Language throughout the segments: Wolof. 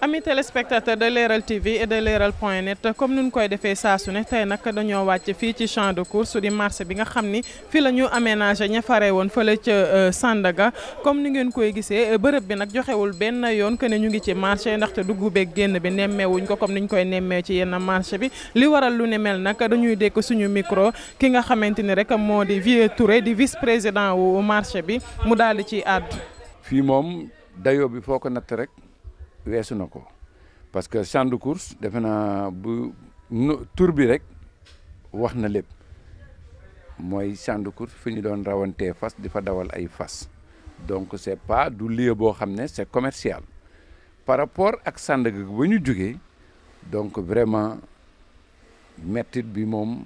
amis téléspectateurs de Leral TV et de Leral point net comme nun koy defee saa su ne tey nag dañoo wàcc fii ci champ de course di marché bi nga xam ni fii la ñu aménagé ña fare woon fële ca euh, Sandaga comme ni ngeen koy gisee bërëb bi nag joxewul benn yoon que ne ñu ngi ci marché ndaxte dugg beeg génn bi nemmeewuñ ko comme niñ koy nemmee ci yenn marché bi li waral lu ne mel nag dañuy dekk suñu micro ki nga xamante ni rek moo di Vieux Touré di vis président wu marché bi mu daal di ci àddu. fii moom dayoo bi foo ko rek. weesu na ko parce que chande de course defe naa bu tur bi rek wax na lépp mooy champ de course fi ñu doon rawantee fas di fa dawal ay fas donc c' est pas du lieu boo xam ne c' est commercial par rapport ak Sandaga ba ñu jógee donc vraiment mettit bi moom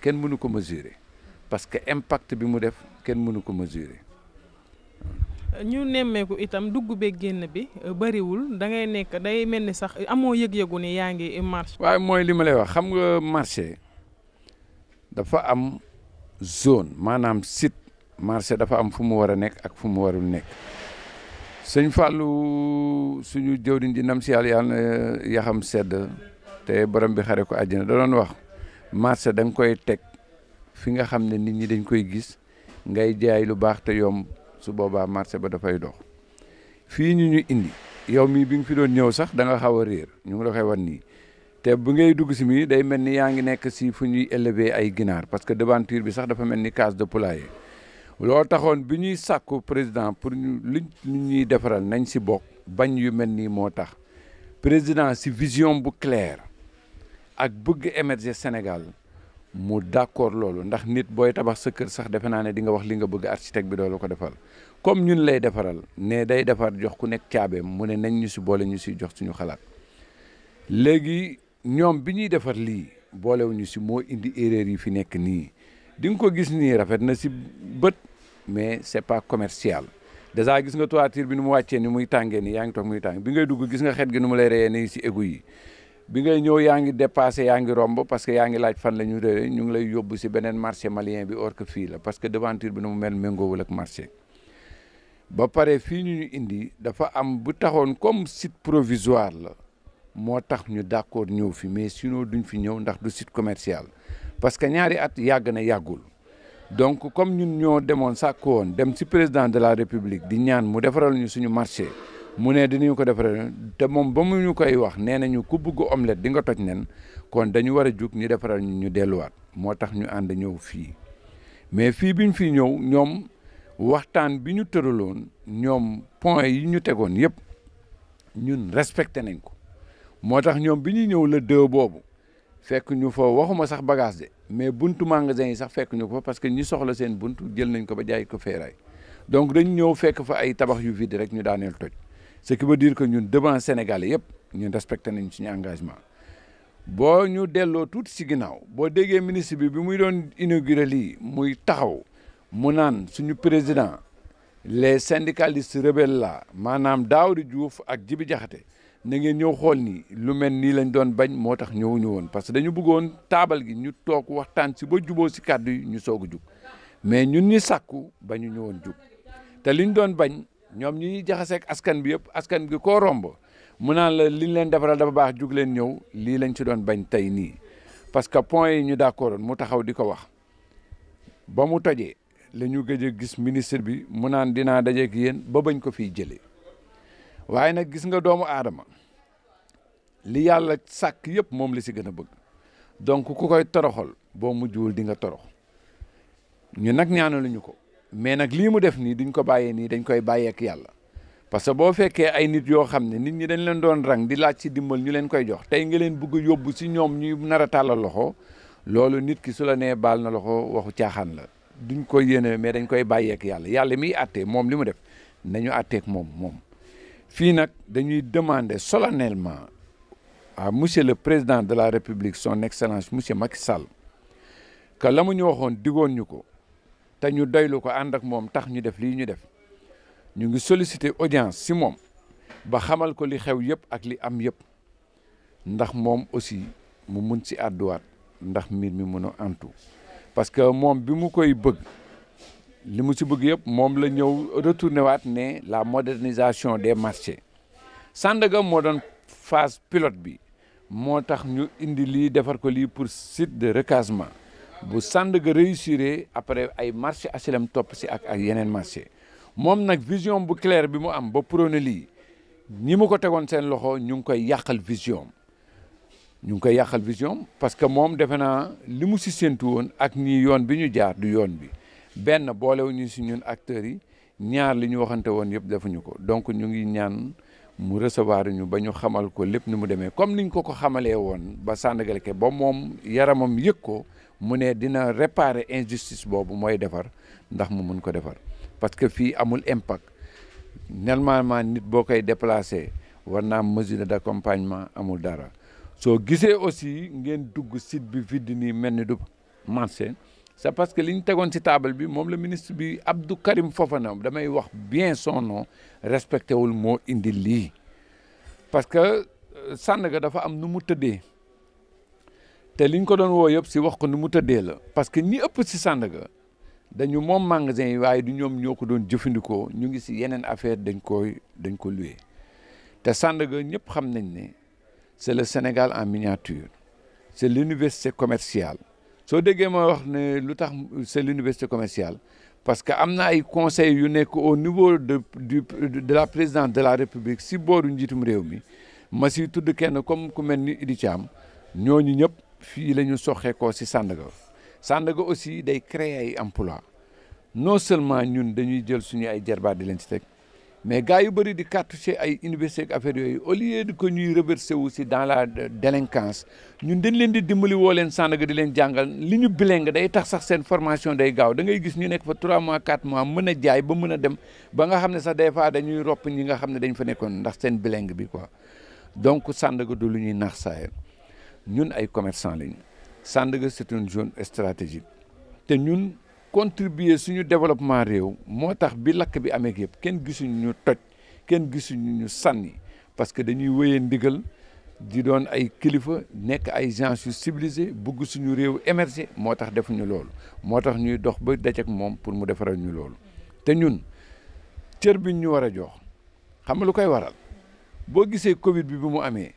kenn mënu ko mesurer parce que impact bi mu def kenn mënu ko mesurer ñu nemmeeku itam dugg bee génn bi euh, bëriwul da ngay nekk day mel ni sax amoo yëg-yëgu ne yaa ngi marché. waaye mooy li ma lay wax xam nga marché dafa am zone maanaam sit marché dafa am fu mu war a nekk ak fu mu warul nekk sëñ Fallou suñu jëwriñ ji nam si yàlla yàlla na yaxam sedd te borom bi xare ko àjjana da doon wax marché da nga koy teg fi nga xam ne nit ñi dañ koy gis ngay jaay lu baax te yomb. su boobaa marché ba dafay dox fii ñu ñu indi yow mii bi nga fi doon ñëw sax da nga xaw a réer ñu ngi la koy wan nii te bu ngay dugg si mii day mel ni yaa ngi nekk si fu ñuy élever ay ginaar parce que devanture bi sax dafa mel ni case de poulailler loo taxoon bi ñuy sàkku président pour ñu luñ ñuy defaral nañ si bokk bañ yu mel nii moo tax président si vision bu claire ak bëgg émerger Sénégal mu d'accord loolu ndax nit booy tabax sa kër sax defe naa ne di nga wax li nga bëgg architecte bi doolu ko defal comme ñun lay defaral ne day defar jox ku nekk caabeem mu ne nañ ñu si boole ñu si jox suñu xalaat léegi ñoom bi ñuy defar lii boolewuñu si moo indi erreur yi fi nekk nii di nga ko gis nii rafet na si bët mais c'est pas commercial déjà gis nga toiture bi nu mu wàccee ni muy tàngee nii yaa ngi toog muy tàng bi ngay dugg gis nga xet gi nu mu lay reyee nii si égout yi bi nga ñëw yaa ngi dépassé yaa ngi romb parce que yaa ngi laaj fan la ñu réwee ñu ngi lay yóbbu si beneen marché malien bi or que fii parce que devanture bi nu mu mel méngoowul ak marché ba pare fii ñu ñu indi dafa am bu taxoon comme site provisoire la moo tax ñu d'accord ñëw fi mais sinon duñ fi ñëw ndax du site commercial parce que ñaari at yàgg na yàggul donc comme ñun ñoo demoon sàkk dem si président de la république di ñaan mu defaral ñu suñu marché mu ne dinañu ko defaree te moom ba mu ñu koy wax nee nañu ku bugg omelette di nga toj nen kon dañu war a jug ñu defaral ñu delluwaat moo tax ñu ànd ñëw fii mais fii bi ñu fi ñëw ñoom waxtaan bi ñu tëraloon ñoom point yi ñu tegoon yëpp ñun respecté nañ ko moo tax ñoom bi ñuy ñëw la deux boobu fekk ñu fa waxuma sax bagage de mais buntu magasin yi sax fekk ñu ko fa parce que ñu soxla seen bunt jël nañ ko ba jaay ko feeraay donc dañ ñëw fekk fa ay tabax yu vide rek ñu daaneel toj ce qui veut dire que ñun devant Sénégalais yëpp ñun respecté nañ suñu engagement boo ñu delloo tuuti si ginnaaw boo déggee ministre bi bi muy doon inauguré lii muy taxaw mu naan suñu président les syndicalistes rebelles la maanaam Daouda Diouf ak Djibi Diakhaté na ngeen ñëw xool ni lu mel nii lañ doon bañ moo tax ñëwuñu woon parce que dañu buggoon taabal gi ñu toog waxtaan si ba juboo si kàddu yi ñu soog a jug mais ñun ñi sàkku bañu ñu woon jug te doon bañ ñoom ñu ñuy jaxaseeg askan bi yëpp askan bi koo romb mu naan la liñ leen defaral dafa baax jug leen ñëw lii lañ ci doon bañ tey nii parce que point yi ñu daakooroon mu taxaw di ko wax ba mu tojee la ñu gëj a gis ministre bi mu naan dinaa dajeeg yéen ba bañ ko fiy jëlee waaye nag gis nga doomu aadama li yàlla sàkk yëpp moom li si gën a bëgg donc ku koy toroxal boo mujjuwul di nga torox ñu nag ñaanaluñu ko mais nag lii mu def nii duñ ko bàyyee nii dañ koy bàyyeek yàlla parce que boo fekkee ay nit yoo xam ne nit ñi dañ leen doon rang di laaj ci dimbal ñu leen koy jox tey nga leen bëgg a yóbbu si ñoom ñuy nar a tàllal loxo loolu nit ki su nee baal na loxo waxu caaxaan la duñ koy yéene mais dañu koy bàyyeek yàlla yàlla mii àttee moom li mu def nañu àtteek moom moom fii nag dañuy demander solennellement a monsieur le président de la république son excellence monsieur Macky Sall que la mu ñu waxoon digoon ñu ko te ñu doylu ko ànd ak moom tax ñu def lii ñu def ñu ngi solicité audience si moom ba xamal ko li xew yëpp ak li am yëpp ndax moom aussi mu mun si àdduwaat ndax mbir mi mun a antu parce que moom bi mu koy bëgg li mu si bëgg yëpp moom la ñëw retourné waat ne la modernisation des marchés sandagam moo doon phase pilote bi moo tax ñu indi lii defar ko lii pour site de recasement bu Sandaga réussir après ay marché HLM topp si ak ak yeneen marché moom nag vision bu claire bi mu am ba prôné lii ñi mu ko tegoon seen loxo ñu ngi koy yàqal vision ñu ngi koy yàqal vision parce que moom defe naa li mu si séntu woon ak nii yoon bi ñu jaar du yoon bi benn boolewuñu si ñun acteurs yi ñaar li ñu waxante woon yëpp defuñu ko donc ñu ngi ñaan mu recevoir ñu ba ñu xamal ko lépp nu mu demee comme niñ ko ko xamalee woon ba Sandaga Leke ba moom yaramam yëg ko mu ne dina réparer injustice boobu mooy defar ndax mu mun ko defar parce que fii amul impact normalement nit boo koy déplacé war naa mesure d'accompagnement amul dara soo gisee aussi ngeen dugg site bi vide nii mel ni du marché c'est parce que li ñu tegoon si table bi moom la ministre bi Abdou Karim Fofana damay wax bien son nom respecté wul moo indi lii parce que euh, Sandaga dafa am nu mu tëddee te liñ ko doon woo yëpp si wax ko ni mu tëddee la parce que ñi ëpp si Sandaga dañu moom magasin yi waaye du ñoom ñoo ko doon jëfandikoo ñu ngi si yeneen affaire dañ koy dañ ko loué te Sandaga ñëpp xam nañ ne c'est le Sénégal en miniature c'est l'université commerciale soo déggee mooy wax ne lu tax c'est l'université commerciale parce que am na ay conseils yu nekk au niveau de du de la présidence de la République si booru njiitum réew mi ma si tudd kenn comme ku mel ni Idi Thiam ñooñu ñëpp fii la ñu soxeekoo si Sandaga Sandaga aussi day créer ay emploi non seulement ñun dañuy jël suñu ay jarbaat di leen ci teg mais gars yu bëri di si ay université ak yooyu au lieu de que ñuy reversé wu si dans la délinquance ñun dañ leen di dimbali woo leen Sandaga di leen jàngal li ñu bilingue day tax sax seen formation day gaaw da ngay gis ñu nekk fa trois mois 4 mois mën a jaay ba mën a dem ba nga xam ne sax des fois dañuy ropp ñi nga xam ne dañ fa nekkoon ndax seen bilingue bi quoi donc Sandaga du lu ñuy nax saay ñun ay commerçant lañ Sandaga c'est une zone stratégique te ñun contribuer suñu développement réew moo tax bi lakk bi amee yëpp kenn gisuñu ñu toj kenn gisuñu ñu sànni parce que dañuy wéyee ndigal di doon ay kilifa nekk ay gens yu civilisé bugg suñu réew émerger moo tax defuñu loolu moo tax ñuy dox ba daje moom pour mu defaral ñu loolu te ñun cër bi ñu war a jox xam nga lu koy waral boo gisee Covid bi bi mu amee.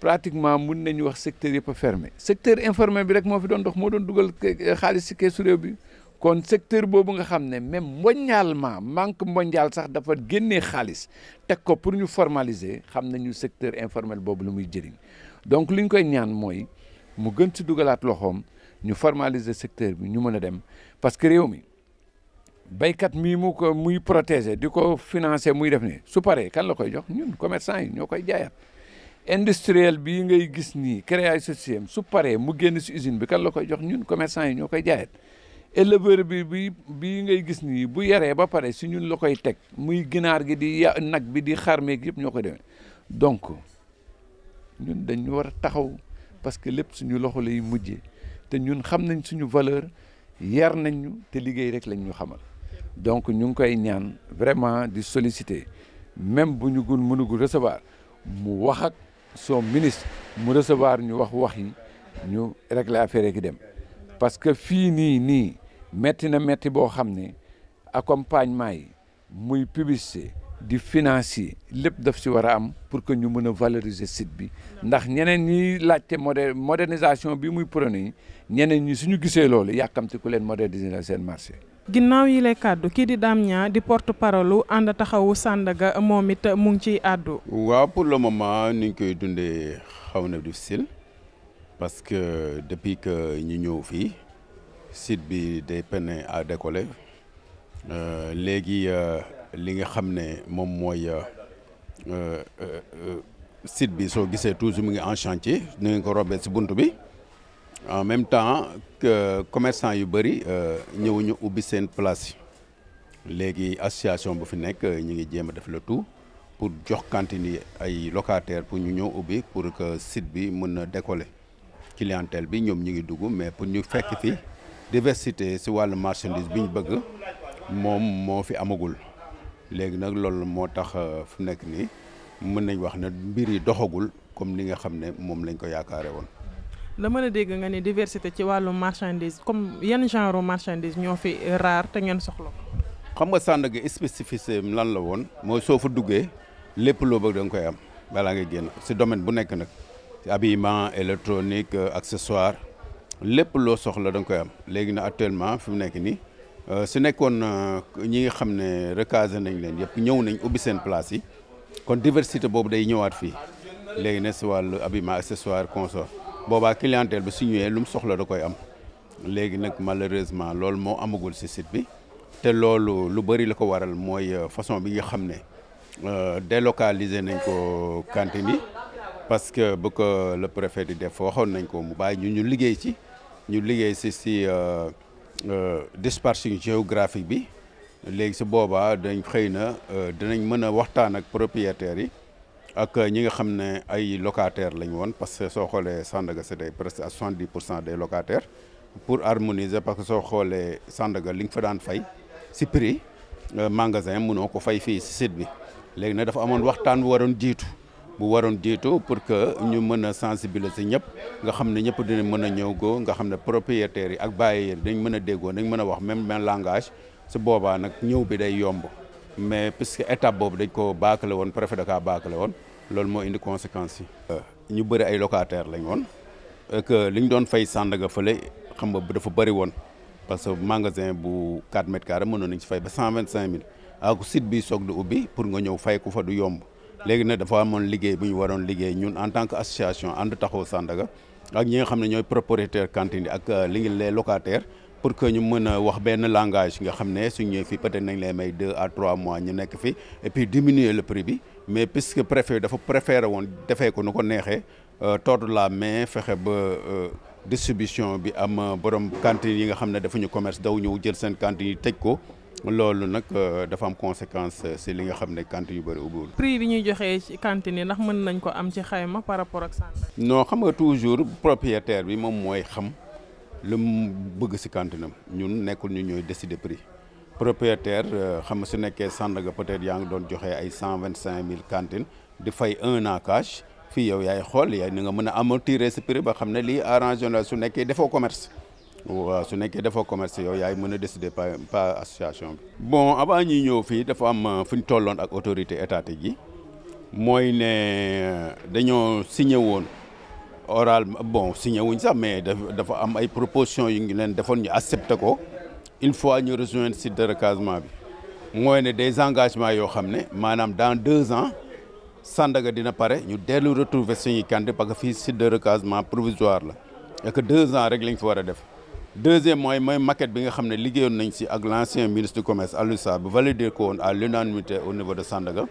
pratiquement mun nañu wax secteur yëpp a fermé secteur informel bi rek moo fi doon dox moo doon dugal eh, xaalis si keesu réew bi kon secteur boobu nga xam ne même mondialement manque mondial sax dafa génnee xaalis teg ko pour ñu formaliser xam nañu secteur informel boobu lu muy jëriñ donc li ñu koy ñaan mooy mu gën si dugalaat loxoom ñu formaliser secteur bi ñu mën a dem parce que réew mi béykat mii mu ko muy protéger di ko financer muy def ni su paree kan la koy jox commerçant yi ñoo koy jaayaat. industriel bii ngay gis nii créer système su paree mu génn si usine bi kan la koy jox ñun commerçant yi ñoo koy jaayet éleveur bi bi bii ngay gis nii bu yaree ba pare si ñun la koy teg muy ginaar gi di ya nag bi di xarmeeg yëpp ñoo ko demee donc ñun dañu war a taxaw parce que lépp suñu loxo lay mujjee te ñun xam nañ suñu valeur yar nañ ñu te liggéey rek lañ ñu xamal donc ñu ngi koy ñaan vraiment di solliciter même bu ñu gun mënugul recevoir mu waxak son ministre mu recevoir ñu wax wax yi ñu régler affaire ki dem parce que fii nii nii metti na metti boo xam ne accompagnement yi muy publicité di financier lépp daf si war a am pour que ñu mën a valoriser sit bi ndax ñeneen ñi laajte mode modernisation bi muy prôné ñeneen ñi ñu gisee loolu ti ku leen moderniser seen marché ginnaaw yi lay kàddu kii di Dame Niang di porte parole ànd taxawu sàndaga moom it mu ngi ciy àddu. waaw pour le moment ni ngi koy dundee xaw na difficile parce que depuis que ñu ñëw fii site bi day peine à décoller euh, léegi euh, li nga xam ne moom mooy euh, site bi soo gisee toujours mu ngi en chantier ni nga ko robee si bunt bi. en même temps que commerçant yu bëri euh, ñëwuñu ubbi seen place yi léegi association bu fi nekk euh, ñu ngi jéem a def le tout pour jox cantine ay locataires pour ñu ñëw ubbi pour que site bi mën na décoller clientèle bi ñoom ñu ngi dugg mais pour ñu fekk fi diversité si wàllu marchandise bi ñu bëgg moom moo fi amagul léegi nag loolu moo tax euh, fu nekk nii mën nañ wax ne mbir yi doxagul comme ni nga xam ne moom lañ ko yaakaare woon la mën a dégg nga ne diversité ci wàllu marchandise comme yan genre marchandise ñoo fi rare te ngeen soxla xam nga Sandaga spécificité lan la woon mooy soo fa duggee lépp loo bëgg da nga koy am balaa ngay génn si domaine bu nekk nag si habillement électronique euh, accessoire lépp loo soxla da nga koy am léegi na actuellement fi mu nekk nii euh, su nekkoon euh, ñi xam ne recasé nañ leen yëpp ñëw nañ ubbi seen place yi kon diversité boobu day ñëwaat fii léegi ne si wàllu habillement accessoire consort boobaa clientèle bi su ñëwee lu mu soxla da koy am léegi nag malheureusement loolu moo amagul ci sit bi te loolu lu bari la ko waral mooy euh, façon bi nga xam ne euh, délocaliser nañ ko cantine yi parce que bu ko le préfet di def waxoon nañ ko mu bàyyi ñu ñu liggéey ci ñu liggéey ci ci euh, dispersion géographique bi léegi ci boobaa dañ xëy na dinañ mën a waxtaan ak propriétaires yi ak ñi nga xam ne ay locataires lañ woon parce que soo xoolee Sandaga c' est presque à 70 pour cent des locataires pour harmoniser parce que soo xoolee Sandaga li nga fa daan fay si prix euh, magasin mënoo ko fay fii si site bi léegi nag dafa amoon waxtaan bu waroon jiitu bu waroon jiitu pour que ñu mën a sensibiliser ñëpp nga xam ne ñëpp dinañ mën a ñëw go nga xam ne propriétaires yi ak bailleurs yi dañ mën a déggoo dañ mën a wax même même langage si boobaa nag ñëw bi day yomb mais puisque étape boobu dañ ko baakale woon préfet da woon. loolu moo indi conséquence yi. Euh, ñu bëri ay locataire lañ woon euh, que li ñu doon fay Sandaga fële xam nga dafa bari woon parce que magasin bu 4 mètres carrés mënoon nañ ci fay ba 125000 ak ah, site bi soog di ubbi pour nga ñëw fay ku fa du yomb léegi nag dafa amoon liggéey bu ñu waroon liggéey ñun en tant que association ànd taxaw Sandaga ak ñi nga xam ne ñooy propriétaire cantine ak euh, li ngi les locataires. pour que ñu mën a wax benn langage nga xam ne suñu ñëwee fi peut-être nañ lay may deux à trois mois ñu nekk fi et puis diminuer le prix bi mais puisque préfet dafa préféré woon defee ko nu ko neexee euh, tordre la mais fexe ba euh, distribution bi am euh, borom cantine yi nga xam ne defuñu commerce daw ñëw jël seen cantine teg ko loolu nag dafa am conséquence si li nga xam ne cantine yu bëri ubbiwul. prix bi ñuy joxee ci cantine yi ndax mën nañ ko am ci xayma par rapport ak. non xam nga toujours propriétaire bi moom mooy xam. lu bëgg si kantinam ñun nekkul ñu ñooy décider prix propriétaire euh, xam nga su nekkee Sandaga peut yaa ngi doon joxe ay cent vingt cinq mille cantine di fay un an cash fii yow yaay xool yaay ni nga mën a amortir si prix ba xam ne lii arrangé na su nekkee defoo commerce. waa su nekkee defoo commerce yow yaay mën a décider par par association bi. bon avant ñuy ñëw fii dafa am euh, fu ñu tolloon ak autorité étatique yi mooy ne euh, dañoo signé woon. oral bon signé wuñ sax mais dafa am ay propositions yu ngi leen defoon ñu accepté ko une fois ñu rejoindre site de recasement bi mooy ne des engagements yoo xam ne maanaam dans deux ans Sandaga dina pare ñu dellu retrouver suñuy candidat parce que fii site de recasement provisoire la et que deux ans rek lañ fi war a def deuxième mooy mooy maquette bi nga xam ne liggéeyoon nañ si ak l' ancien ministre du commerce Alioune Sarr bu valider ko woon à l'unanimité au niveau de Sandaga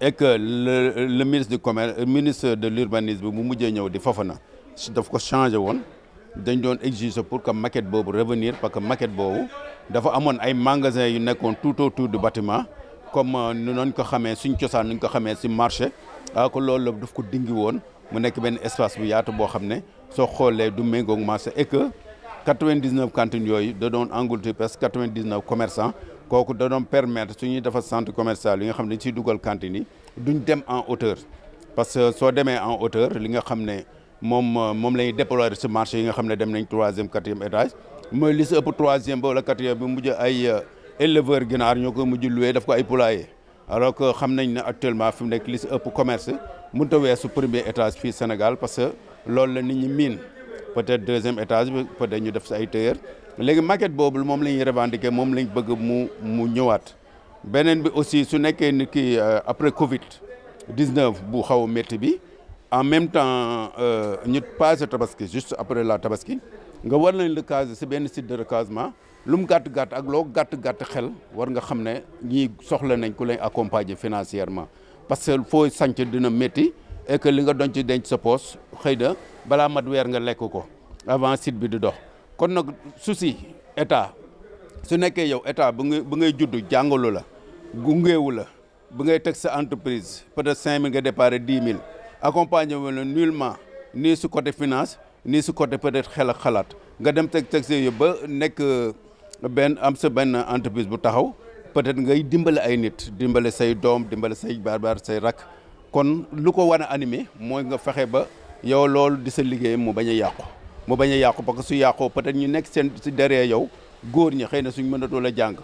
et que le le ministre du commerce ministre de l'urbanisme mu mujjee ñëw di Fofana daf ko changé woon dañ doon exiger pour que maquette boobu revenir parce que maquette boobu dafa amoon ay magasins yu nekkoon tout autour du bâtiment comme euh, nu noñ ko xamee suñ cosaan nuñ ko xamee si marché ah ko loolu daf ko dingi woon mu nekk benn espace bu yaatu boo xam ne soo xoolee du méngoog marché et que 99 cantines yooyu da doon engloutir presque 99 commerçants kooku da doon permettre su ñuy defar centre commercial yi nga xam ne dañ siy dugal cantine yi duñ dem en hauteur parce que soo demee en hauteur li nga xam ne moom moom la ñuy déployer si marché yi nga xam ne dem nañ troisième quatrième étage mooy li si ëpp troisième ba wala quatrième bi mujj ay euh, éleveur ginaar ñoo ko mujj luwee def ko ay poulailler alors que xam nañ ne actuellement fu mu nekk li si ëpp commerce mënut a weesu premier étage fii Sénégal parce que loolu la nit ñi miin peut-être deuxième étage bi ñu def si ay tailleur léegi maquette boobu moom la ñuy revendiquer moom lañ bëgg mu mu ñëwaat beneen bi aussi su nekkee ni ki euh, après Covid 19 bu xaw a metti bi en même temps euh, ñu passé tabaski juste après la tabaski nga war nañ recaser si benn site de recasement lu mu gàtt gàtt ak loo gàtt gàtt xel war nga xam ne ñi soxla nañ ku lay accompagner financièrement parce que foo sànc dina métti et li nga doon ci denc sa poos xëy na balaa mat weer nga lekk ko avant site bi di dox. kon nag su si état su nekkee yow état ba ngay bu ngay juddu jàngalu la gungeewu la bu ngay teg sa entreprise peut-être cinq mille nga déparé dix mille accompagné wu la nullement nii su côté finance nii su côté peut-être xel xalaat nga dem teg teg yooyu ba nekk euh, benn am sa benn entreprise bu taxaw peut-être ngay dimbale ay nit dimbale say doom dimbale say baar-baar say rakk kon lu ko war a animer mooy nga fexe ba yow loolu di sa liggéey mu bañ a yàqu. mu bañ a yàqu parce que su yàqoo peut-être ñu nekk seen si derrière yow góor ñi xëy na suñ mënatoo la jàng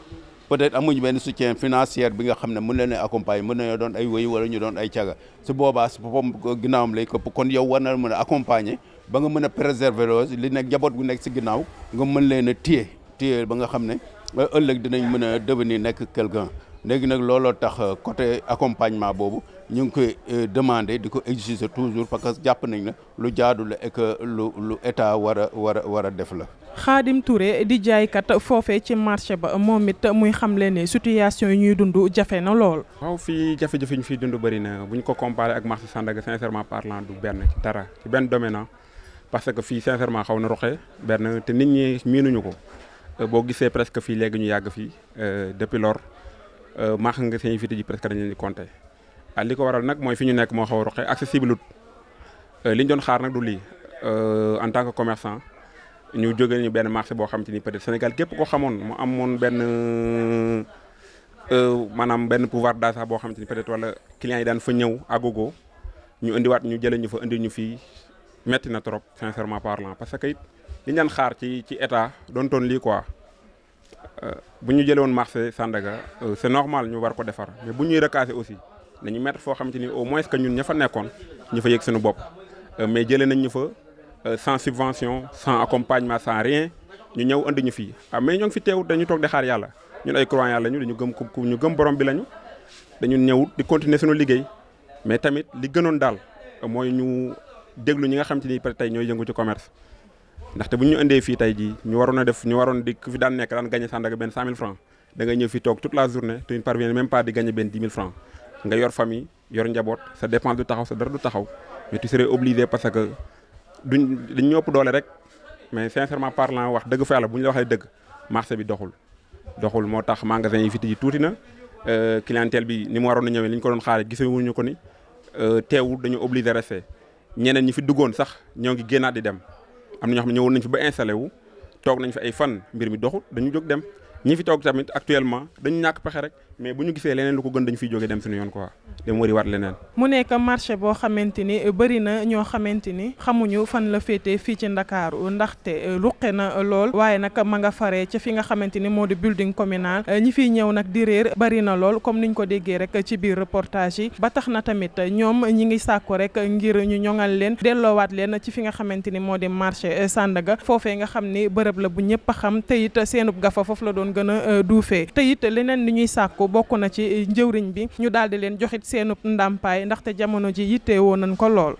peut-être amuñu benn soutien financier bi nga xam ne mën leen a accompagner mën nañoo doon ay wéyu wala ñu doon ay caga su boobaa su boppam ginnaawam lay këpp kon yow war na mën accompagner ba nga mën a préserver loolu li nekk njaboot gu nekk si ginnaaw nga mën leen a téye téye ba nga xam ne ëllëg dinañ mën a devenir nekk quelqu'un léegi nag looloo tax euh, côté accompagnement boobu ñu ngi koy euh, demander di ko exiger toujours parce que jàpp nañ na lu jaadu la et lu lu état war a war a war a def la. Khadim Touré di jaaykat foofee ci marché ba moom it muy xamle ne situation yi ñuy dund jafe na lool. waaw fii jafe-jafe ñu fiy dund bëri na bu ñu ko comparé ak marché Sandaga sincèrement parlant du benn ci dara benn domaine parce que fii sincèrement xaw na roxe benn te nit ñi miinuñu ko euh, boo gisee presque fii léegi ñu yàgg fii depuis lors Euh, maax nga seen invité ji presque dañ leen di compté ah, li ko waral nag mooy fi ñu nekk moo xaw a roqee accessible euh, li ñu doon xaar nag du lii euh, en tant que commerçant ñu jógee ñu benn marché boo xam te ni peut Sénégal képp ko xamoon mu amoon benn maanaam benn pouvoir d'achat boo xam te ni peut-être wala clients yi daan fa ñëw agogo ñu indiwaat ñu jëlee ñu fa indi ñu fii metti na trop sincèrement parlant parce que it li ñu daan xaar ci ci état doon toon lii quoi. bu ñu jëlee woon marché Sandaga euh, c'est normal ñu war ko defar mais bu ñuy recaser aussi nañu mettre foo xamante ni au moins que ñun ña fa nekkoon ñu fa yëg suñu bopp euh, mais jëlee nañ ñu fa euh, sans subvention sans accompagnement sans rien ñu ñëw andi ñu fii ah mais ñoo ngi fi teewut dañu toog di xaar yàlla ñun ay croyants ñu dañu gëm ku ñu gëm borom bi lañu dañu ñëwut di continuer suñu liggéey mais tamit li gënoon daal mooy ñu déglu ñu nga xamante ni peut-être tey ñooy yëngu ci commerce. ndaxte bu ñu indee fii tey ji ñu waroon a def ñu waroon di ku fi daan nekk daan gagné Sandaga benn 100000 francs da ñëw fi toog toute la journée te ñu parvient même pas di gagné benn 10 000 francs nga yor famille yor njaboot sa dépense du taxaw sa dara du taxaw mais tu serais obligé du que duñ ñëpp doole rek mais sincèrement parlant wax dëgg fa yàlla bu ñu la waxee dëgg marché bi doxul. doxul moo tax magasin yi fi tijji tuuti na euh, clientèle bi ni mu waroon a ñëwee li ñu ko doon xaaree gisewuñu ko ni euh, teewul dañu obligé resté ñeneen ñi fi duggoon sax ñoo ngi génnaat di dem. am na ñoo xam ne ñëwoon nañ fi ba installé wu toog nañ fi ay fan mbir mi doxul dañu jóg dem ñi fi toog tamit actuellement dañu ñàkk pexe rek mais bu ñu gisee leneen lu ko gën dañu fiy jógee dem suñu yoon quoi dem wari leneen. mu nekk marché boo xamante ni bëri na ñoo xamante ni xamuñu fan la féete fii ci Ndakaaru ndaxte euh, ruqe na lool waaye nag ma nga faree ci fi nga xamante ni moo di building communal ñi fiy ñëw nag di réer bëri na lool comme niñ ko déggee rek ci biir reportage yi ba tax na tamit ñoom ñi ngi sàkku rek ngir ñu ñoŋal leen delloowaat leen ci fi nga xamante ni moo di marché euh, Sandaga foofee nga xam ni bërëb la bu ñëpp xam te it seenub foofu la doon gën a euh, bokk na ci njëwriñ bi ñu daal di leen joxit seenub ndàmpaay ndaxte jamono ji yittewoo nañ ko lool